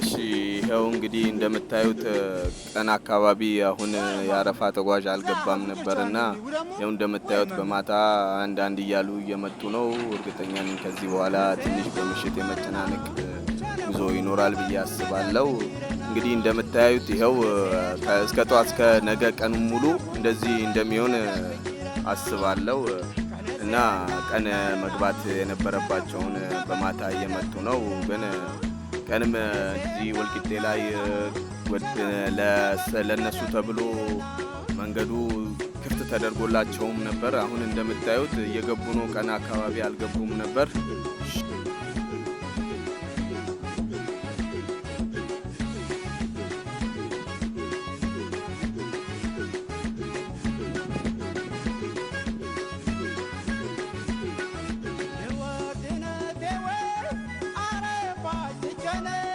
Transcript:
እሺ ይኸው እንግዲህ እንደምታዩት ቀን አካባቢ አሁን የአረፋ ተጓዥ አልገባም ነበርና ይኸው እንደምታዩት በማታ አንዳንድ እያሉ እየመጡ ነው። እርግጠኛ ነኝ ከዚህ በኋላ ትንሽ በምሽት የመጨናነቅ ጉዞ ይኖራል ብዬ አስባለሁ። እንግዲህ እንደምታዩት ይኸው እስከ ጠዋት እስከ ነገ ቀኑ ሙሉ እንደዚህ እንደሚሆን አስባለሁ። እና ቀን መግባት የነበረባቸውን በማታ እየመጡ ነው። ግን ቀንም እዚህ ወልቂጤ ላይ ለእነሱ ተብሎ መንገዱ ክፍት ተደርጎላቸውም ነበር። አሁን እንደምታዩት እየገቡ ነው። ቀን አካባቢ አልገቡም ነበር። Buenas.